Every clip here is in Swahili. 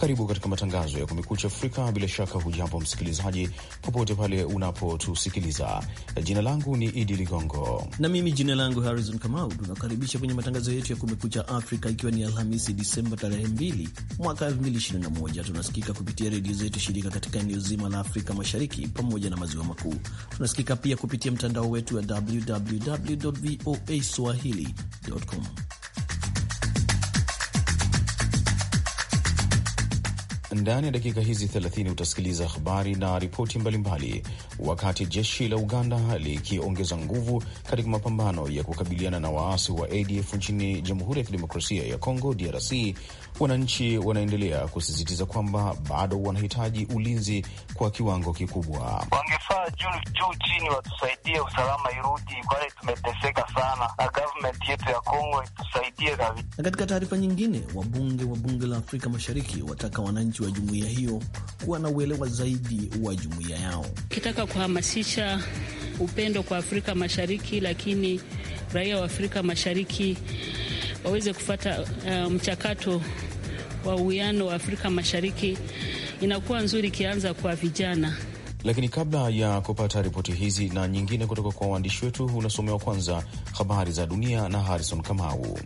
Karibu katika matangazo ya Kumekucha Afrika. Bila shaka, hujambo msikilizaji, popote pale unapotusikiliza. Jina langu ni Idi Ligongo na mimi jina langu Harrison Kamau. Tunakaribisha kwenye matangazo yetu ya Kumekucha Afrika, ikiwa ni Alhamisi Disemba tarehe 2 mwaka 2021. Tunasikika kupitia redio zetu shirika katika eneo zima la Afrika Mashariki pamoja na maziwa makuu. Tunasikika pia kupitia mtandao wetu wa www voa com Ndani ya dakika hizi 30 utasikiliza habari na ripoti mbalimbali. Wakati jeshi la Uganda likiongeza nguvu katika mapambano ya kukabiliana na waasi wa ADF nchini Jamhuri ya Kidemokrasia ya Kongo, DRC, Wananchi wanaendelea kusisitiza kwamba bado wanahitaji ulinzi kwa kiwango kikubwa. Wangefaa juu juu chini watusaidie, usalama irudi, kwani tumeteseka sana, na gavumenti yetu ya Kongo itusaidie kabisa. Na katika taarifa nyingine, wabunge wa bunge la Afrika Mashariki wataka wananchi wa jumuiya hiyo kuwa na uelewa zaidi wa jumuiya yao, kitaka kuhamasisha upendo kwa Afrika Mashariki, lakini raia wa Afrika Mashariki waweze kufata uh, mchakato wa uwiano wa Afrika Mashariki inakuwa nzuri ikianza kwa vijana. Lakini kabla ya kupata ripoti hizi na nyingine kutoka kwa waandishi wetu, unasomewa kwanza habari za dunia na Harrison Kamau.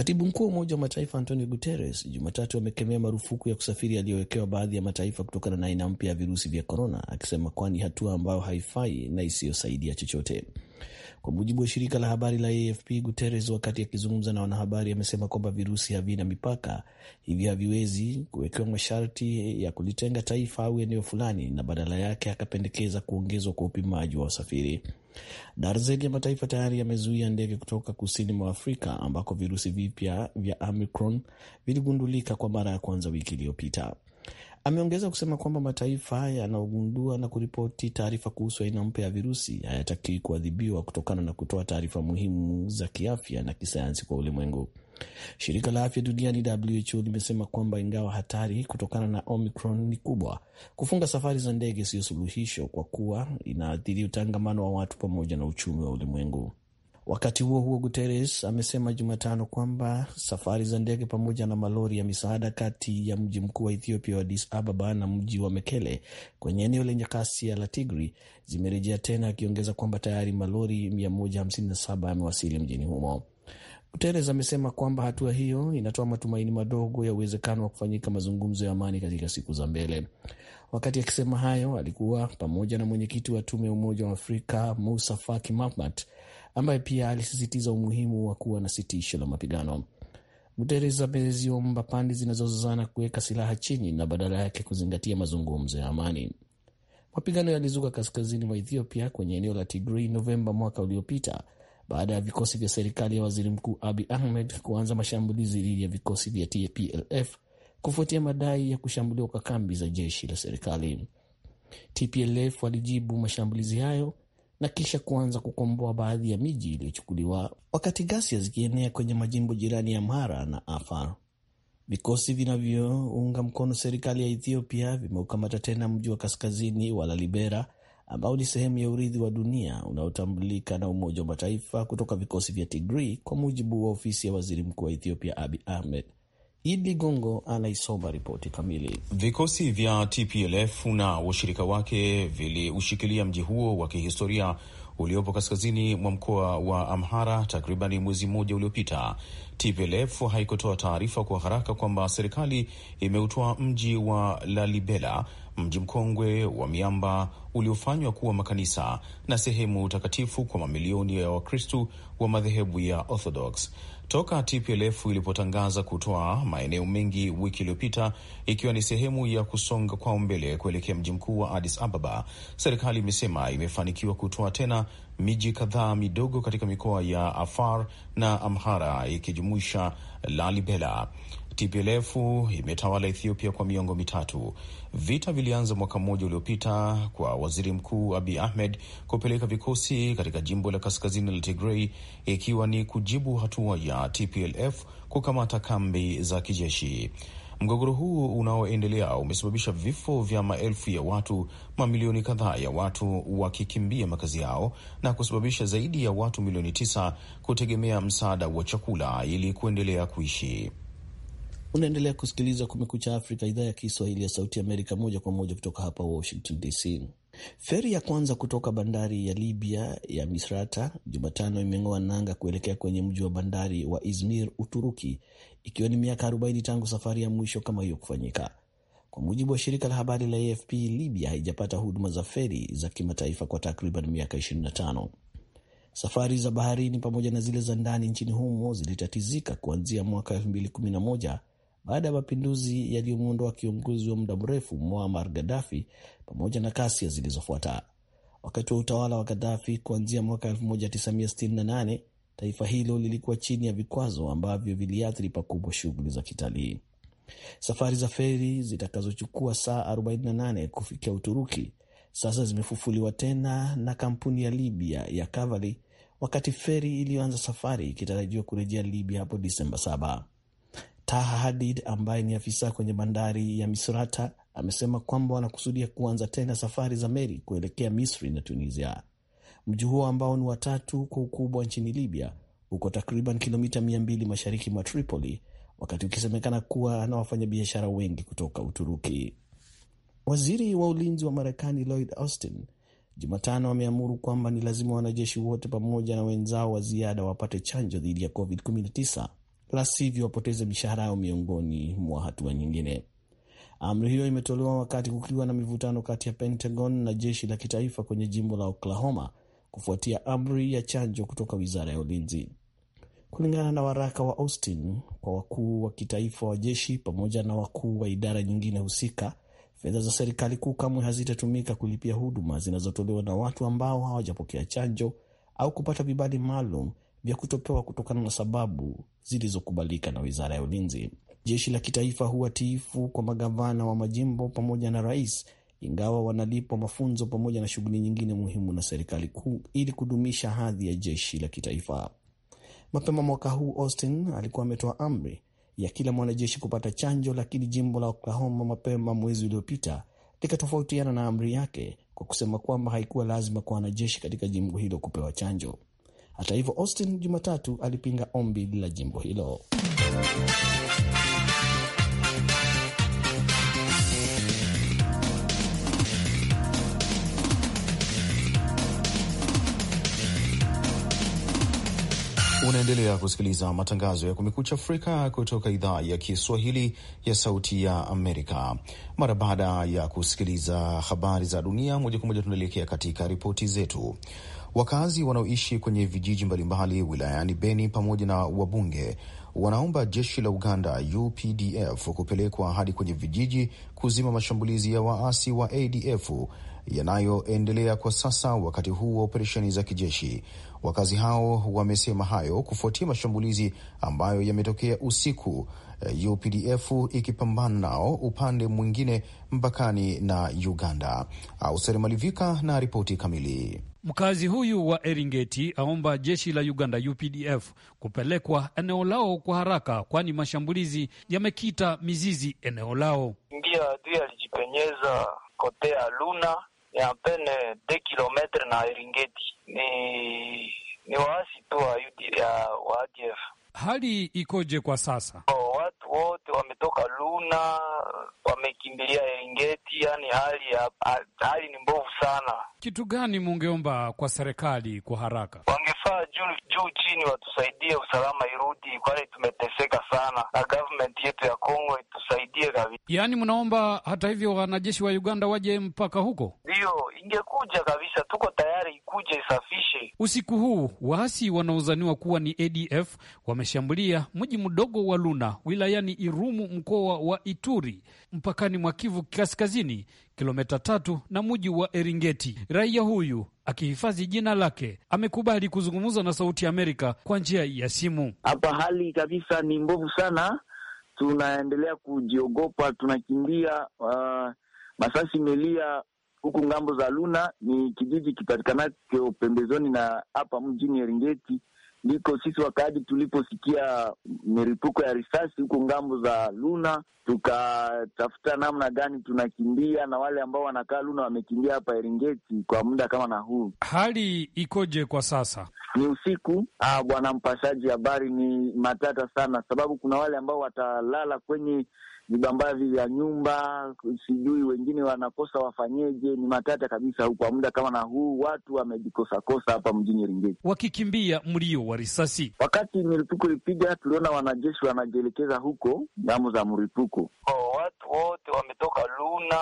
Katibu mkuu wa Umoja wa Mataifa Antonio Guterres Jumatatu amekemea marufuku ya kusafiri yaliyowekewa baadhi ya mataifa kutokana na aina mpya ya virusi vya korona, akisema kuwa ni hatua ambayo haifai na isiyosaidia chochote. Kwa mujibu wa shirika la habari la AFP, Guterres wakati akizungumza na wanahabari amesema kwamba virusi havina mipaka, hivyo haviwezi kuwekewa masharti ya kulitenga taifa au eneo fulani, na badala yake akapendekeza kuongezwa kwa upimaji wa wasafiri. Darzeni ya mataifa tayari yamezuia ndege kutoka kusini mwa Afrika ambako virusi vipya vya Omicron viligundulika kwa mara ya kwanza wiki iliyopita. Ameongeza kusema kwamba mataifa yanayogundua na kuripoti taarifa kuhusu aina mpya ya virusi hayatakiwi kuadhibiwa kutokana na kutoa taarifa muhimu za kiafya na kisayansi kwa ulimwengu. Shirika la afya duniani WHO limesema kwamba ingawa hatari kutokana na Omicron ni kubwa, kufunga safari za ndege siyo suluhisho kwa kuwa inaathiri utangamano wa watu pamoja na uchumi wa ulimwengu. Wakati huo huo, Guterres amesema Jumatano kwamba safari za ndege pamoja na malori ya misaada kati ya mji mkuu wa Ethiopia wa Addis Ababa na mji wa Mekele kwenye eneo lenye ghasia la tigri zimerejea tena, akiongeza kwamba tayari malori 157 yamewasili mjini humo. Guterres amesema kwamba hatua hiyo inatoa matumaini madogo ya uwezekano wa kufanyika mazungumzo ya amani katika siku za mbele. Wakati akisema hayo, alikuwa pamoja na mwenyekiti wa tume ya Umoja wa Afrika Musa Faki Mahamat, ambaye pia alisisitiza umuhimu wa kuwa na sitisho la mapigano. Guterres ameziomba pande zinazozozana kuweka silaha chini na badala yake kuzingatia mazungumzo ya amani. Mapigano yalizuka kaskazini mwa Ethiopia kwenye eneo la Tigrei Novemba mwaka uliopita baada ya vikosi vya serikali ya waziri mkuu Abi Ahmed kuanza mashambulizi dhidi ya vikosi vya TPLF kufuatia madai ya kushambuliwa kwa kambi za jeshi la serikali. TPLF walijibu mashambulizi hayo na kisha kuanza kukomboa baadhi ya miji iliyochukuliwa, wakati ghasia zikienea kwenye majimbo jirani ya Amhara na Afar. Vikosi vinavyounga mkono serikali ya Ethiopia vimeukamata tena mji wa kaskazini wa Lalibela ambao ni sehemu ya urithi wa dunia unaotambulika na Umoja wa Mataifa kutoka vikosi vya tigri kwa mujibu wa ofisi ya waziri mkuu wa Ethiopia Abi Ahmed. Idi Gongo anaisoma ripoti kamili. Vikosi vya TPLF na washirika wake viliushikilia mji huo wa kihistoria uliopo kaskazini mwa mkoa wa Amhara takribani mwezi mmoja uliopita. TPLF haikutoa taarifa kwa haraka kwamba serikali imeutoa mji wa Lalibela mji mkongwe wa miamba uliofanywa kuwa makanisa na sehemu takatifu kwa mamilioni ya Wakristu wa madhehebu ya Orthodox toka TPLF ilipotangaza kutoa maeneo mengi wiki iliyopita, ikiwa ni sehemu ya kusonga kwa mbele kuelekea mji mkuu wa Addis Ababa. Serikali imesema imefanikiwa kutoa tena miji kadhaa midogo katika mikoa ya Afar na Amhara ikijumuisha Lalibela. TPLF imetawala Ethiopia kwa miongo mitatu. Vita vilianza mwaka mmoja uliopita kwa waziri mkuu Abi Ahmed kupeleka vikosi katika jimbo la kaskazini la Tigrei, ikiwa ni kujibu hatua ya TPLF kukamata kambi za kijeshi. Mgogoro huu unaoendelea umesababisha vifo vya maelfu ya watu, mamilioni kadhaa ya watu wakikimbia makazi yao na kusababisha zaidi ya watu milioni tisa kutegemea msaada wa chakula ili kuendelea kuishi. Unaendelea kusikiliza Kumekucha Afrika, idhaa ya Kiswahili ya Sauti Amerika, moja kwa moja kutoka hapa Washington DC. Feri ya kwanza kutoka bandari ya Libya ya Misrata Jumatano imeng'oa nanga kuelekea kwenye mji wa bandari wa Izmir, Uturuki, ikiwa ni miaka 40 tangu safari ya mwisho kama hiyo kufanyika. Kwa mujibu wa shirika la habari la AFP, Libya haijapata huduma za feri za kimataifa kwa takriban miaka 25. Safari za baharini pamoja na zile za ndani nchini humo zilitatizika kuanzia mwaka baada ya mapinduzi yaliyomwondoa kiongozi wa muda mrefu Muammar Gaddafi pamoja na kasia zilizofuata. Wakati wa utawala wa Gaddafi kuanzia mwaka 1968 taifa hilo lilikuwa chini ya vikwazo ambavyo viliathiri pakubwa shughuli za kitalii. Safari za feri zitakazochukua saa 48 kufikia Uturuki sasa zimefufuliwa tena na kampuni ya Libya ya Cavalry, wakati feri iliyoanza safari ikitarajiwa kurejea Libya hapo Disemba 7. Taha Hadid ambaye ni afisa kwenye bandari ya Misrata amesema kwamba wanakusudia kuanza tena safari za meli kuelekea Misri na Tunisia. Mji huo ambao ni watatu kwa ukubwa nchini Libya uko takriban kilomita 200 mashariki mwa Tripoli, wakati ukisemekana kuwa na wafanyabiashara wengi kutoka Uturuki. Waziri wa ulinzi wa Marekani Lloyd Austin Jumatano ameamuru kwamba ni lazima wanajeshi wote pamoja na wenzao wa ziada wapate chanjo dhidi ya COVID-19 la sivyo wapoteze mishahara yao, miongoni mwa hatua nyingine. Amri hiyo imetolewa wakati kukiwa na mivutano kati ya Pentagon na jeshi la kitaifa kwenye jimbo la Oklahoma kufuatia amri ya chanjo kutoka wizara ya ulinzi. Kulingana na waraka wa Austin kwa wakuu wa kitaifa wa jeshi pamoja na wakuu wa idara nyingine husika, fedha za serikali kuu kamwe hazitatumika kulipia huduma zinazotolewa na watu ambao hawajapokea chanjo au kupata vibali maalum vya kutopewa kutokana na sababu zilizokubalika na Wizara ya Ulinzi. Jeshi la kitaifa huwa tiifu kwa magavana wa majimbo pamoja na rais, ingawa wanalipwa mafunzo pamoja na shughuli nyingine muhimu na serikali kuu ili kudumisha hadhi ya jeshi la kitaifa. Mapema mwaka huu Austin alikuwa ametoa amri ya kila mwanajeshi kupata chanjo, lakini jimbo la Oklahoma mapema mwezi uliopita likatofautiana na amri yake kwa kusema kwamba haikuwa lazima kwa wanajeshi katika jimbo hilo kupewa chanjo. Hata hivyo, Austin Jumatatu alipinga ombi la jimbo hilo. Unaendelea kusikiliza matangazo ya Kumekucha Afrika kutoka idhaa ya Kiswahili ya Sauti ya Amerika. Mara baada ya kusikiliza habari za dunia moja kwa moja, tunaelekea katika ripoti zetu. Wakazi wanaoishi kwenye vijiji mbalimbali wilayani Beni pamoja na wabunge wanaomba jeshi la Uganda UPDF kupelekwa hadi kwenye vijiji kuzima mashambulizi ya waasi wa ADF yanayoendelea kwa sasa wakati huu wa operesheni za kijeshi. Wakazi hao wamesema hayo kufuatia mashambulizi ambayo yametokea usiku, eh, UPDF ikipambana nao upande mwingine mpakani na Uganda. Ausere Malivika na ripoti kamili. Mkazi huyu wa Eringeti aomba jeshi la Uganda UPDF kupelekwa eneo lao kwa haraka, kwani mashambulizi yamekita mizizi eneo lao. Ndio adui alijipenyeza kotea Luna ni apene de kilometre na Eringeti. Ni ni waasi tu wa UD Hali ikoje kwa sasa? Oh, watu wote wametoka Luna, wamekimbilia Engeti, yani hali ya, hali ni mbovu sana. Kitu gani mungeomba kwa serikali kwa haraka? Wangefaa juu juu chini watusaidie, usalama irudi, kwani tumeteseka sana, na government yetu ya Kongo itusaidie kabisa. Yaani mnaomba hata hivyo wanajeshi wa Uganda waje mpaka huko? Ndiyo, ingekuja kabisa, tuko tayari ikuje isafishe. Usiku huu waasi wanaozaniwa kuwa ni ADF wame wameshambulia mji mdogo wa Luna wilayani Irumu mkoa wa Ituri mpakani mwa Kivu Kaskazini, kilomita tatu na mji wa Eringeti. Raia huyu akihifadhi jina lake amekubali kuzungumza na Sauti ya Amerika kwa njia ya simu. Hapa hali kabisa ni mbovu sana, tunaendelea kujiogopa, tunakimbia. Uh, masasi melia huku ngambo za Luna, ni kijiji kipatikanacho pembezoni na hapa mjini Eringeti ndiko sisi wakaaji tuliposikia miripuko ya risasi huko ngambo za Luna, tukatafuta namna gani tunakimbia, na wale ambao wanakaa Luna wamekimbia hapa Eringeti kwa muda kama na huu. Hali ikoje kwa sasa? Ni usiku, ah, bwana mpashaji habari, ni matata sana, sababu kuna wale ambao watalala kwenye vibambazi vya nyumba, sijui wengine wanakosa wafanyeje, ni matata kabisa. Huku kwa muda kama na huu watu wamejikosakosa hapa mjini Ringeti, wakikimbia mlio wa risasi. Wakati milipuko ilipiga, tuliona wanajeshi wanajielekeza huko damu za mripuko. Oh, watu wote wametoka Luna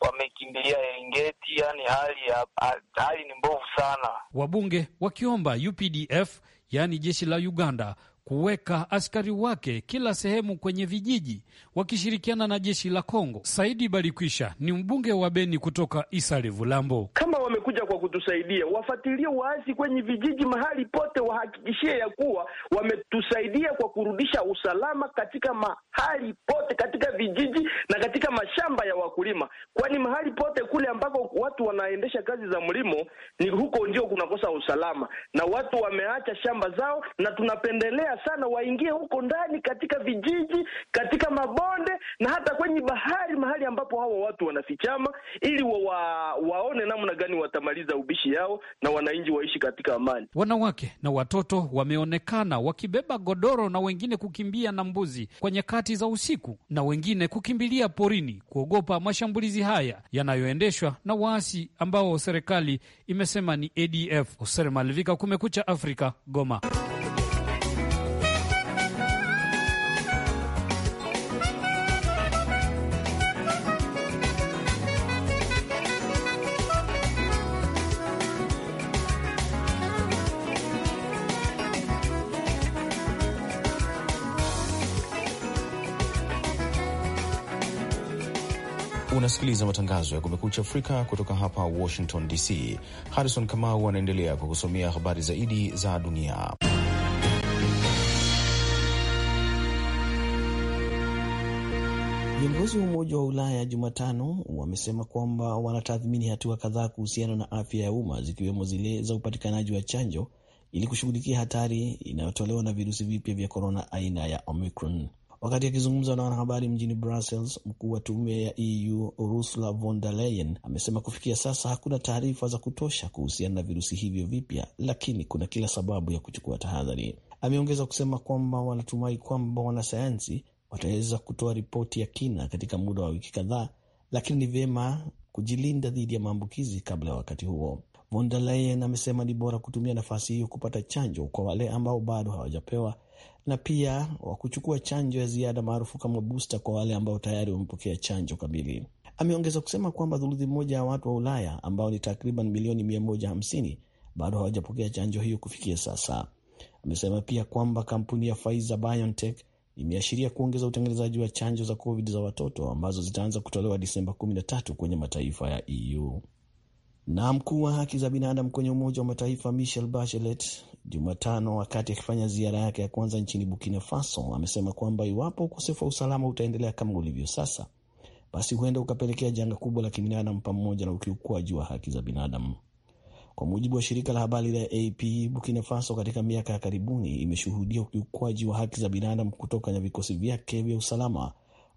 wamekimbilia Ringeti, yani hali ya hali ni mbovu sana, wabunge wakiomba UPDF yaani jeshi la Uganda kuweka askari wake kila sehemu kwenye vijiji wakishirikiana na jeshi la Kongo. Saidi Balikwisha ni mbunge wa Beni kutoka isare Vulambo. Kama wamekuja kwa kutusaidia, wafuatilie waasi kwenye vijiji mahali pote, wahakikishie ya kuwa wametusaidia kwa kurudisha usalama katika mahali pote, katika vijiji na katika mashamba ya wakulima, kwani mahali pote kule ambako watu wanaendesha kazi za mlimo, ni huko ndio kunakosa usalama, na watu wameacha shamba zao, na tunapendelea sana waingie huko ndani, katika vijiji, katika mabonde na hata kwenye bahari, mahali ambapo hawa watu wanafichama, ili wa, wa, waone namna gani watamaliza ubishi yao na wananchi waishi katika amani. Wanawake na watoto wameonekana wakibeba godoro na wengine kukimbia na mbuzi kwa nyakati za usiku na wengine kukimbilia porini kuogopa mashambulizi haya yanayoendeshwa na wa waasi ambao serikali imesema ni ADF. Hoser Malivika, Kumekucha Afrika, Goma. Unasikiliza matangazo ya Kumekucha Afrika kutoka hapa Washington DC. Harrison Kamau anaendelea kukusomea habari zaidi za dunia. Viongozi wa Umoja wa Ulaya Jumatano wamesema kwamba wanatathmini hatua kadhaa kuhusiana na afya ya umma zikiwemo zile za upatikanaji wa chanjo ili kushughulikia hatari inayotolewa na virusi vipya vya korona aina ya Omicron. Wakati akizungumza na wanahabari mjini Brussels, mkuu wa tume ya EU Ursula von der Leyen amesema kufikia sasa hakuna taarifa za kutosha kuhusiana na virusi hivyo vipya, lakini kuna kila sababu ya kuchukua tahadhari. Ameongeza kusema kwamba wanatumai kwamba wanasayansi wataweza kutoa ripoti ya kina katika muda wa wiki kadhaa, lakini ni vyema kujilinda dhidi ya maambukizi kabla ya wakati huo. Von der Leyen amesema ni bora kutumia nafasi hiyo kupata chanjo kwa wale ambao bado hawajapewa na pia wa kuchukua chanjo ya ziada maarufu kama busta kwa wale ambao tayari wamepokea chanjo kamili. Ameongeza kusema kwamba thuluthi moja ya watu wa Ulaya ambao ni takriban milioni 150 bado hawajapokea chanjo hiyo kufikia sasa. Amesema pia kwamba kampuni ya Pfizer BioNTech imeashiria kuongeza utengenezaji wa chanjo za COVID za watoto ambazo zitaanza kutolewa Disemba 13 kwenye mataifa ya EU. Na mkuu wa haki za binadamu kwenye Umoja wa Mataifa Michelle Bachelet Jumatano wakati akifanya ziara yake ya kwanza nchini Burkina Faso, amesema kwamba iwapo ukosefu wa usalama utaendelea kama ulivyo sasa, basi huenda ukapelekea janga kubwa la kibinadamu pamoja na ukiukwaji wa haki za binadamu. Kwa mujibu wa shirika la habari la AP, Burkina Faso katika miaka ya karibuni imeshuhudia ukiukwaji wa haki za binadamu kutoka na vikosi vyake vya usalama,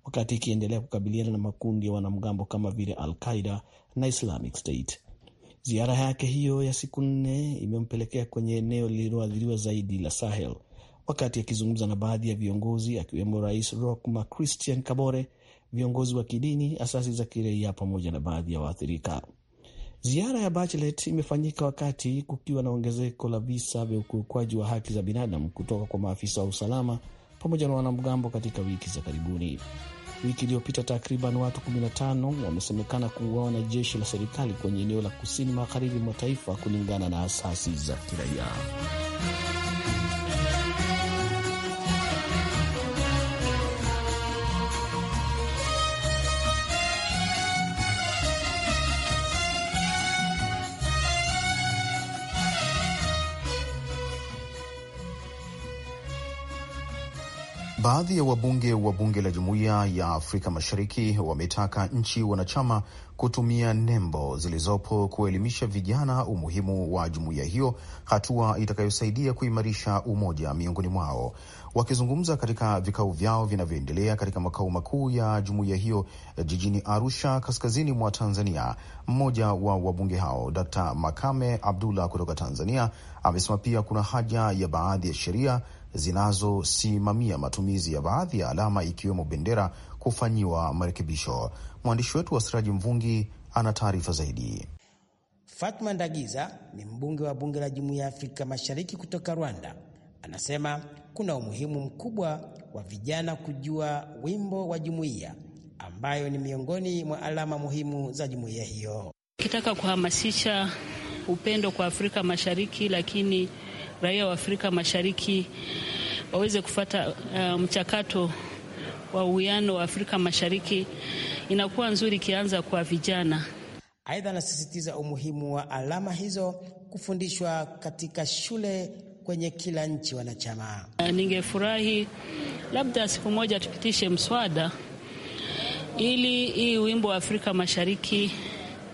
wakati ikiendelea kukabiliana na makundi ya wanamgambo kama vile Al Qaida na Islamic State. Ziara yake hiyo ya siku nne imempelekea kwenye eneo lililoathiriwa zaidi la Sahel. Wakati akizungumza na baadhi ya viongozi akiwemo Rais Roch Marc Christian Kabore, viongozi wa kidini, asasi za kiraia pamoja na baadhi ya waathirika. Ziara ya Bachelet imefanyika wakati kukiwa na ongezeko la visa vya ukiukwaji wa haki za binadamu kutoka kwa maafisa wa usalama pamoja na wanamgambo katika wiki za karibuni. Wiki iliyopita takriban watu 15 wamesemekana kuuawa na jeshi la serikali kwenye eneo la kusini magharibi mwa taifa, kulingana na asasi za kiraia. Baadhi ya wabunge wa bunge la Jumuiya ya Afrika Mashariki wametaka nchi wanachama kutumia nembo zilizopo kuelimisha vijana umuhimu wa jumuiya hiyo, hatua itakayosaidia kuimarisha umoja miongoni mwao. Wakizungumza katika vikao vyao vinavyoendelea katika makao makuu ya jumuiya hiyo jijini Arusha, kaskazini mwa Tanzania, mmoja wa wabunge hao Dkt. Makame Abdullah kutoka Tanzania amesema pia kuna haja ya baadhi ya sheria zinazosimamia matumizi ya baadhi ya alama ikiwemo bendera kufanyiwa marekebisho. Mwandishi wetu wa Siraji Mvungi ana taarifa zaidi. Fatma Ndagiza ni mbunge wa bunge la Jumuiya ya Afrika Mashariki kutoka Rwanda. Anasema kuna umuhimu mkubwa wa vijana kujua wimbo wa jumuiya ambayo ni miongoni mwa alama muhimu za jumuiya hiyo. Ukitaka kuhamasisha upendo kwa Afrika Mashariki, lakini raia wa Afrika Mashariki waweze kufata uh, mchakato wa uwiano wa Afrika Mashariki inakuwa nzuri ikianza kwa vijana. Aidha, anasisitiza umuhimu wa alama hizo kufundishwa katika shule kwenye kila nchi wanachama. Eh, ningefurahi labda siku moja tupitishe mswada ili hii wimbo wa Afrika Mashariki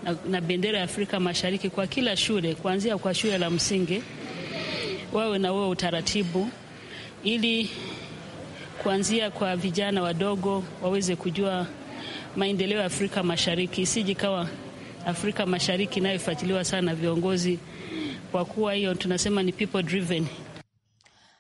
na, na bendera ya Afrika Mashariki kwa kila shule kuanzia kwa shule la msingi wawe na wao utaratibu, ili kuanzia kwa vijana wadogo waweze kujua maendeleo ya Afrika Mashariki, isiji kawa Afrika Mashariki inayofuatiliwa sana viongozi kwa kuwa hiyo tunasema ni people driven.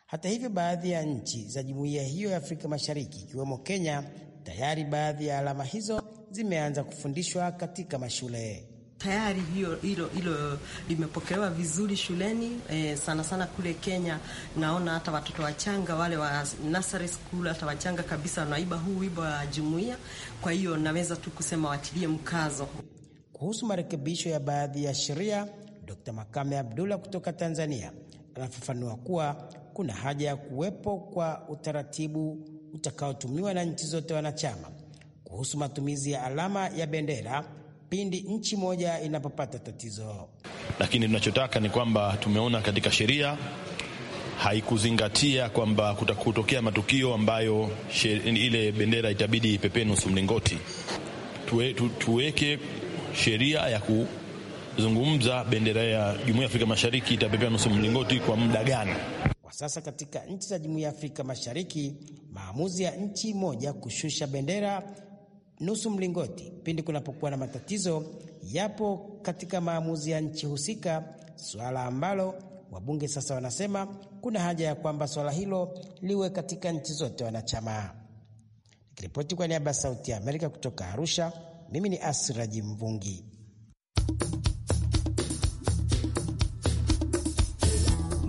Hata hivyo, baadhi ya nchi za jumuiya hiyo ya Afrika Mashariki ikiwemo Kenya, tayari baadhi ya alama hizo zimeanza kufundishwa katika mashule tayari hiyo hilo hilo limepokelewa vizuri shuleni e, sana sana kule Kenya. Naona hata watoto wachanga wale wa nursery school hata wachanga kabisa wanaiba huu wibo wa jumuiya. Kwa hiyo naweza tu kusema watilie mkazo kuhusu marekebisho ya baadhi ya sheria. Dr. Makame Abdullah kutoka Tanzania anafafanua kuwa kuna haja ya kuwepo kwa utaratibu utakaotumiwa na nchi zote wanachama kuhusu matumizi ya alama ya bendera pindi nchi moja inapopata tatizo. Lakini tunachotaka ni kwamba tumeona katika sheria haikuzingatia kwamba kutakutokea matukio ambayo ile bendera itabidi ipepee nusu mlingoti. Tue, tu, tuweke sheria ya kuzungumza bendera ya Jumuiya ya Afrika Mashariki itapepea nusu mlingoti kwa muda gani? Kwa sasa katika nchi za Jumuiya ya Afrika Mashariki, maamuzi ya nchi moja kushusha bendera nusu mlingoti pindi kunapokuwa na matatizo yapo katika maamuzi ya nchi husika, suala ambalo wabunge sasa wanasema kuna haja ya kwamba suala hilo liwe katika nchi zote wanachama. Nikiripoti kwa niaba ya Sauti ya Amerika kutoka Arusha, mimi ni Asraji Mvungi.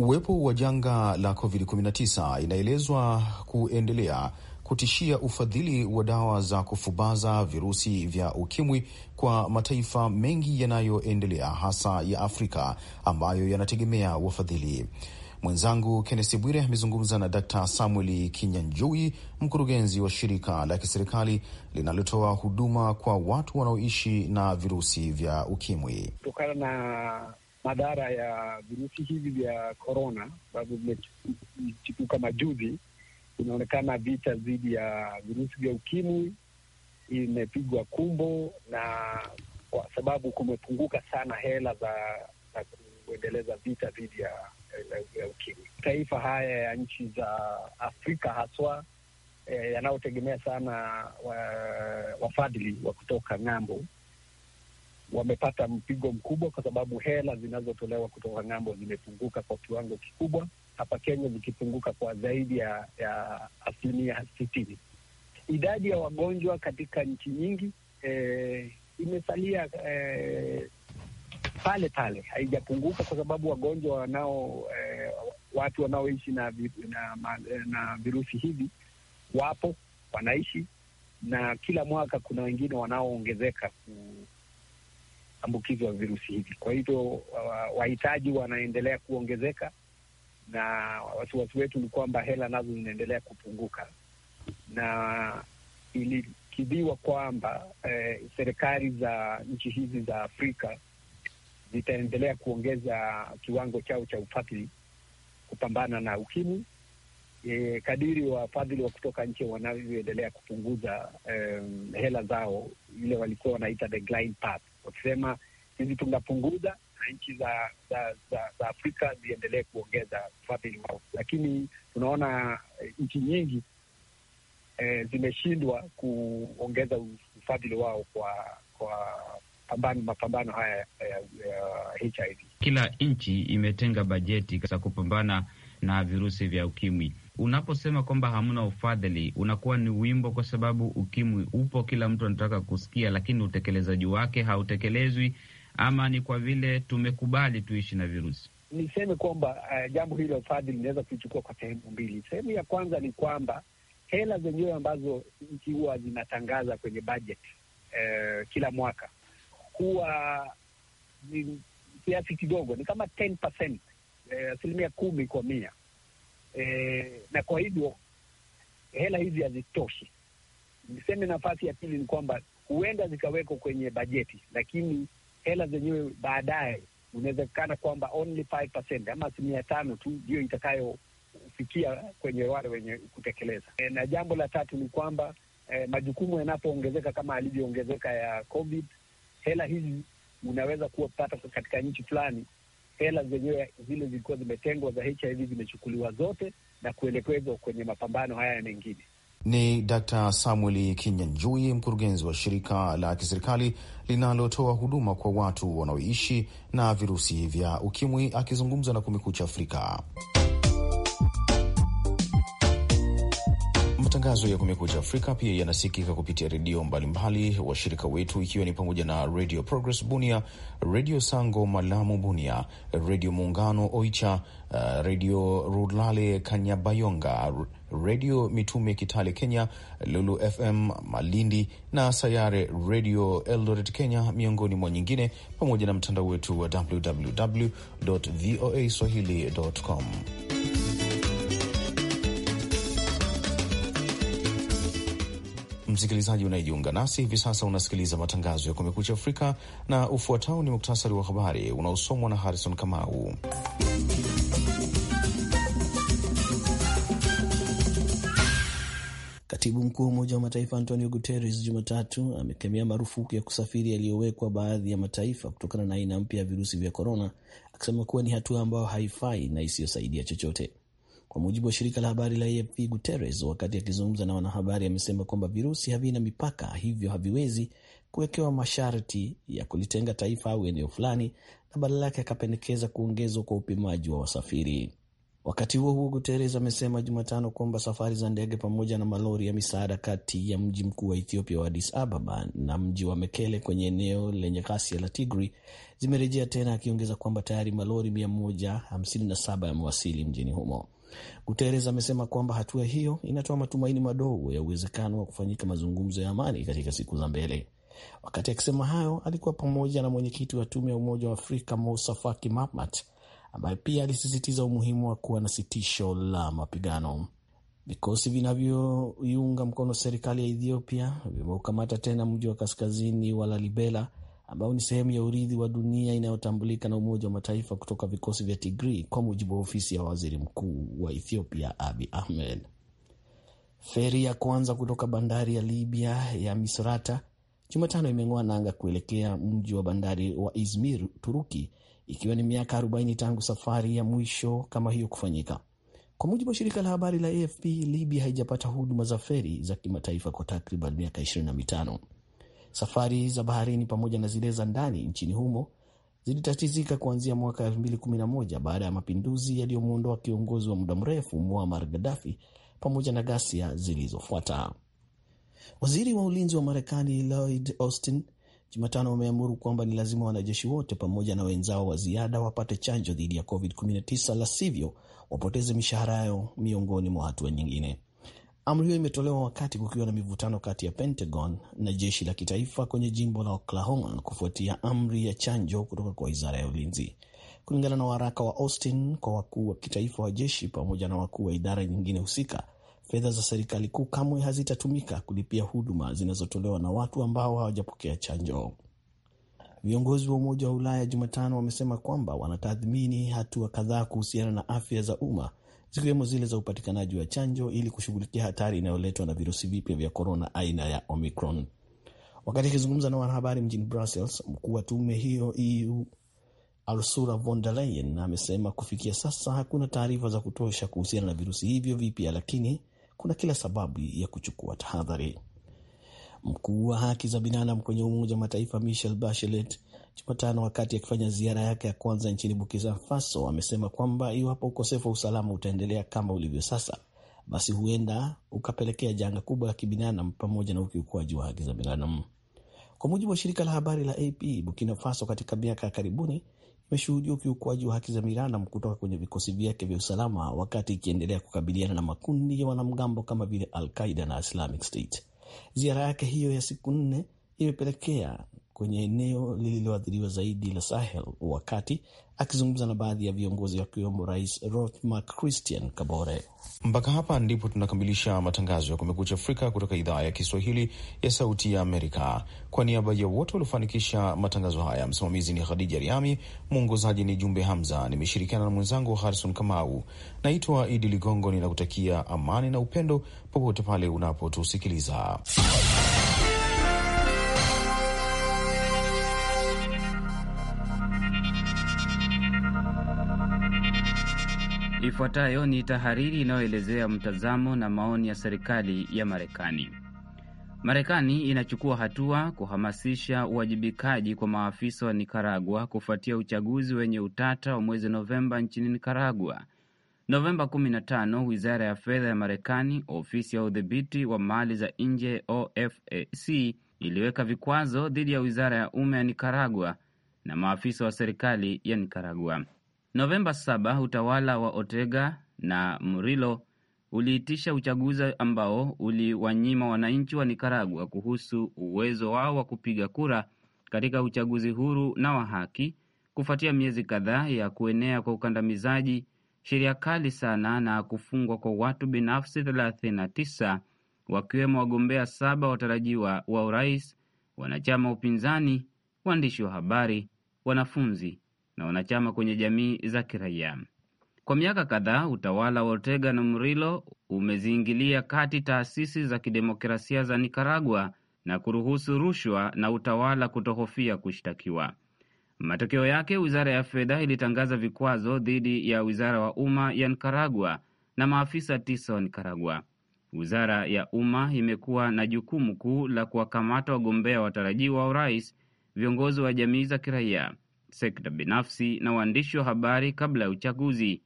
Uwepo wa janga la COVID-19 inaelezwa kuendelea kutishia ufadhili wa dawa za kufubaza virusi vya ukimwi kwa mataifa mengi yanayoendelea hasa ya Afrika ambayo yanategemea wafadhili. Mwenzangu Kennesi Bwire amezungumza na Dkt Samuel Kinyanjui, mkurugenzi wa shirika la kiserikali linalotoa huduma kwa watu wanaoishi na virusi vya ukimwi. Kutokana na madhara ya virusi hivi vya korona sababu vimechipuka majuzi. Inaonekana vita dhidi ya virusi vya ukimwi imepigwa kumbo, na kwa sababu kumepunguka sana hela za, za kuendeleza vita dhidi ya, ya, ya ukimwi. Taifa haya ya nchi za Afrika haswa eh, yanayotegemea sana wa, wafadhili wa kutoka ng'ambo wamepata mpigo mkubwa, kwa sababu hela zinazotolewa kutoka ng'ambo zimepunguka kwa kiwango kikubwa, hapa Kenya zikipunguka kwa zaidi ya, ya asilimia sitini. Idadi ya wagonjwa katika nchi nyingi e, imesalia e, pale pale, haijapunguka kwa sababu wagonjwa wanao e, watu wanaoishi na, na, na virusi hivi wapo wanaishi, na kila mwaka kuna wengine wanaoongezeka ambukizi ya virusi hivi. Kwa hivyo wahitaji wanaendelea kuongezeka, na wasiwasi wetu ni kwamba hela nazo zinaendelea kupunguka, na ilikidhiwa kwamba eh, serikali za nchi hizi za Afrika zitaendelea kuongeza kiwango chao cha ufadhili kupambana na ukimwi eh, kadiri wafadhili wa kutoka nje wanavyoendelea kupunguza eh, hela zao, ile walikuwa wanaita the glide path wakisema sisi tunapunguza na nchi za, za, za, za Afrika ziendelee kuongeza ufadhili wao, lakini tunaona eh, nchi nyingi e, zimeshindwa kuongeza ufadhili wao kwa kwa pambano mapambano haya ya HIV. Kila nchi imetenga bajeti za kupambana na virusi vya ukimwi unaposema kwamba hamna ufadhili unakuwa ni wimbo, kwa sababu ukimwi upo, kila mtu anataka kusikia, lakini utekelezaji wake hautekelezwi, ama ni kwa vile tumekubali tuishi na virusi. Niseme kwamba uh, jambo hili la ufadhili linaweza kuichukua kwa sehemu mbili. Sehemu ya kwanza ni kwamba hela zenyewe ambazo nchi huwa zinatangaza kwenye budget uh, kila mwaka huwa ni kiasi kidogo, ni kama 10% eh, asilimia uh, kumi kwa mia e, na kwa hivyo hela hizi hazitoshi. Niseme nafasi ya pili ni kwamba huenda zikawekwa kwenye bajeti, lakini hela zenyewe baadaye unawezekana kwamba only 5% ama asilimia tano tu ndiyo itakayofikia kwenye wale wenye kutekeleza. E, na jambo la tatu ni kwamba e, majukumu yanapoongezeka kama alivyoongezeka ya COVID, hela hizi unaweza kuwapata katika nchi fulani hela zenyewe zile zilikuwa zimetengwa za HIV zimechukuliwa zote na kuelekezwa kwenye mapambano haya mengine. Ni d Samuel Kinyanjui, mkurugenzi wa shirika la kiserikali linalotoa huduma kwa watu wanaoishi na virusi vya ukimwi, akizungumza na Kumekucha Afrika. Matangazo ya Kumekucha Afrika pia yanasikika kupitia redio mbalimbali washirika wetu, ikiwa ni pamoja na Redio Progress Bunia, Redio Sango Malamu Bunia, Redio Muungano Oicha, uh, Redio Rulale Kanyabayonga, Redio Mitume Kitale Kenya, Lulu FM Malindi na Sayare Redio Eldoret Kenya, miongoni mwa nyingine, pamoja na mtandao wetu wa www voa swahili.com. Msikilizaji unayejiunga nasi hivi sasa, unasikiliza matangazo ya Kumekucha Afrika na ufuatao ni muktasari wa habari unaosomwa na Harrison Kamau. Katibu mkuu wa Umoja wa Mataifa Antonio Guterres Jumatatu amekemea marufuku ya kusafiri yaliyowekwa baadhi ya mataifa kutokana na aina mpya ya virusi vya korona, akisema kuwa ni hatua ambayo haifai na isiyosaidia chochote. Kwa mujibu wa shirika la habari la AFP, Guterres wakati akizungumza na wanahabari amesema kwamba virusi havina mipaka, hivyo haviwezi kuwekewa masharti ya kulitenga taifa au eneo fulani, na badala yake akapendekeza kuongezwa kwa upimaji wa wasafiri. Wakati huo huo, Guterres amesema Jumatano kwamba safari za ndege pamoja na malori ya misaada kati ya mji mkuu wa Ethiopia wa Addis Ababa na mji wa Mekele kwenye eneo lenye ghasia la tigri zimerejea tena, akiongeza kwamba tayari malori 157 yamewasili mjini humo. Guterres amesema kwamba hatua hiyo inatoa matumaini madogo ya uwezekano wa kufanyika mazungumzo ya amani katika siku za mbele. Wakati akisema hayo, alikuwa pamoja na mwenyekiti wa tume ya Umoja wa Afrika Moussa Faki Mahamat, ambaye pia alisisitiza umuhimu wa kuwa na sitisho la mapigano. Vikosi vinavyoiunga mkono serikali ya Ethiopia vimeukamata tena mji wa kaskazini wa Lalibela ambao ni sehemu ya urithi wa dunia inayotambulika na Umoja wa Mataifa kutoka vikosi vya Tigri, kwa mujibu wa ofisi ya waziri mkuu wa Ethiopia Abi Ahmed. Feri ya kwanza kutoka bandari ya Libya ya Misrata Jumatano imeng'oa nanga kuelekea mji wa bandari wa Izmir, Turuki, ikiwa ni miaka 40 tangu safari ya mwisho kama hiyo kufanyika. Kwa mujibu wa shirika la habari la AFP, Libya haijapata huduma za feri za kimataifa kwa takriban miaka 25. Safari za baharini pamoja na zile za ndani nchini humo zilitatizika kuanzia mwaka 2011 baada ya mapinduzi yaliyomwondoa kiongozi wa muda mrefu Muammar Gaddafi pamoja na ghasia zilizofuata. Waziri wa ulinzi wa Marekani Lloyd Austin Jumatano wameamuru kwamba ni lazima wanajeshi wote pamoja na wenzao wa ziada wapate chanjo dhidi ya COVID-19, la sivyo wapoteze mishahara yao, miongoni mwa hatua nyingine. Amri hiyo imetolewa wakati kukiwa na mivutano kati ya Pentagon na jeshi la kitaifa kwenye jimbo la Oklahoma kufuatia amri ya chanjo kutoka kwa wizara ya ulinzi. Kulingana na waraka wa Austin kwa wakuu wa kitaifa wa jeshi pamoja na wakuu wa idara nyingine husika, fedha za serikali kuu kamwe hazitatumika kulipia huduma zinazotolewa na watu ambao hawajapokea chanjo. Viongozi wa Umoja wa Ulaya Jumatano wamesema kwamba wanatathmini hatua kadhaa kuhusiana na afya za umma zikiwemo zile za upatikanaji wa chanjo ili kushughulikia hatari inayoletwa na virusi vipya vya korona aina ya Omicron. Wakati akizungumza na wanahabari mjini Brussels, mkuu wa tume hiyo EU Ursula von der Leyen amesema kufikia sasa hakuna taarifa za kutosha kuhusiana na virusi hivyo vipya, lakini kuna kila sababu ya kuchukua tahadhari. Mkuu wa haki za binadamu kwenye Umoja wa Mataifa Michel Bachelet Jumatano wakati akifanya ziara yake ya kwanza nchini Burkina Faso, amesema kwamba iwapo ukosefu wa usalama utaendelea kama ulivyo sasa, basi huenda ukapelekea janga kubwa la kibinadamu pamoja na ukiukwaji wa haki za binadamu. Kwa mujibu wa shirika la habari la AP, Burkina Faso katika miaka ya karibuni imeshuhudia ukiukwaji wa haki za binadamu kutoka kwenye vikosi vyake vya usalama, wakati ikiendelea kukabiliana na makundi ya wanamgambo kama vile Al Qaida na Islamic State. Ziara yake hiyo ya siku nne imepelekea kwenye eneo lililoathiriwa zaidi la Sahel, wakati akizungumza na baadhi ya viongozi wakiwemo Rais Roch Christian Kabore. Mpaka hapa ndipo tunakamilisha matangazo ya Kumekucha Afrika kutoka idhaa ya Kiswahili ya Sauti ya Amerika. Kwa niaba ya wote waliofanikisha matangazo haya, msimamizi ni Khadija Riami, mwongozaji ni Jumbe Hamza, nimeshirikiana na mwenzangu Harison Kamau. Naitwa Idi Ligongo, ninakutakia amani na upendo popote pale unapotusikiliza. Ifuatayo ni tahariri inayoelezea mtazamo na maoni ya serikali ya Marekani. Marekani inachukua hatua kuhamasisha uwajibikaji kwa maafisa wa Nikaragua kufuatia uchaguzi wenye utata wa mwezi Novemba nchini Nikaragua. Novemba 15, wizara ya fedha ya Marekani, ofisi ya udhibiti wa mali za nje OFAC, iliweka vikwazo dhidi ya wizara ya umma ya Nikaragua na maafisa wa serikali ya Nikaragua. Novemba 7 utawala wa otega na Murilo uliitisha uchaguzi ambao uliwanyima wananchi wa Nikaragua kuhusu uwezo wao wa kupiga kura katika uchaguzi huru na wa haki kufuatia miezi kadhaa ya kuenea kwa ukandamizaji, sheria kali sana na kufungwa kwa watu binafsi 39 wakiwemo wagombea saba watarajiwa wa urais, wanachama upinzani, waandishi wa habari, wanafunzi na wanachama kwenye jamii za kiraia. Kwa miaka kadhaa utawala wa Ortega na Murillo umeziingilia kati taasisi za kidemokrasia za Nikaragua na kuruhusu rushwa na utawala kutohofia kushtakiwa. Matokeo yake, wizara ya fedha ilitangaza vikwazo dhidi ya wizara wa umma ya Nikaragua na maafisa tisa wa Nikaragua. Wizara ya umma imekuwa na jukumu kuu la kuwakamata wagombea watarajiwa wa urais, viongozi wa jamii za kiraia sekta binafsi na waandishi wa habari kabla ya uchaguzi.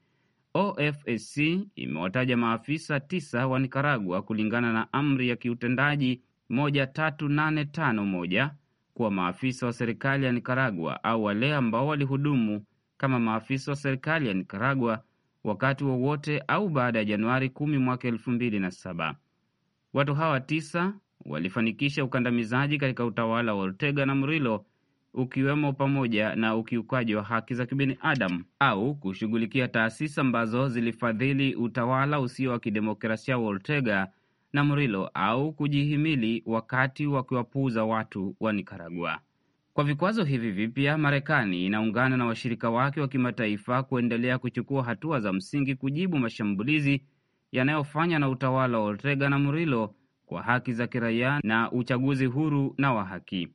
OFSC imewataja maafisa tisa wa Nikaragua kulingana na amri ya kiutendaji 13851 kuwa maafisa wa serikali ya Nikaragua au wale ambao walihudumu kama maafisa wa serikali ya Nikaragua wakati wowote wa au baada ya Januari 10 mwaka 2007. Watu hawa tisa walifanikisha ukandamizaji katika utawala wa Ortega na mrilo ukiwemo pamoja na ukiukaji wa haki za kibinadamu au kushughulikia taasisi ambazo zilifadhili utawala usio wa kidemokrasia wa Ortega na Murillo au kujihimili wakati wakiwapuuza watu wa Nikaragua. Kwa vikwazo hivi vipya, Marekani inaungana na washirika wake wa kimataifa kuendelea kuchukua hatua za msingi kujibu mashambulizi yanayofanywa na utawala wa Ortega na Murillo kwa haki za kiraia na uchaguzi huru na wa haki.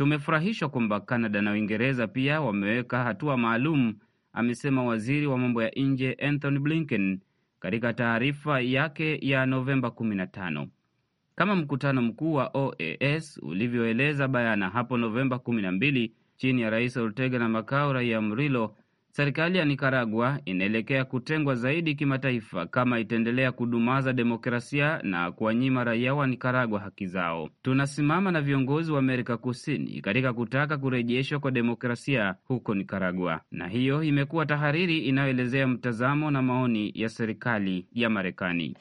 Tumefurahishwa kwamba canada na Uingereza pia wameweka hatua maalum, amesema waziri wa mambo ya nje Anthony Blinken katika taarifa yake ya Novemba 15 kama mkutano mkuu wa OAS ulivyoeleza bayana hapo Novemba 12 chini ya Rais Ortega na Makao, raia Mrilo Serikali ya Nikaragua inaelekea kutengwa zaidi kimataifa kama itaendelea kudumaza demokrasia na kuwanyima raia wa Nikaragua haki zao. Tunasimama na viongozi wa Amerika Kusini katika kutaka kurejeshwa kwa demokrasia huko Nikaragua. Na hiyo imekuwa tahariri inayoelezea mtazamo na maoni ya serikali ya Marekani.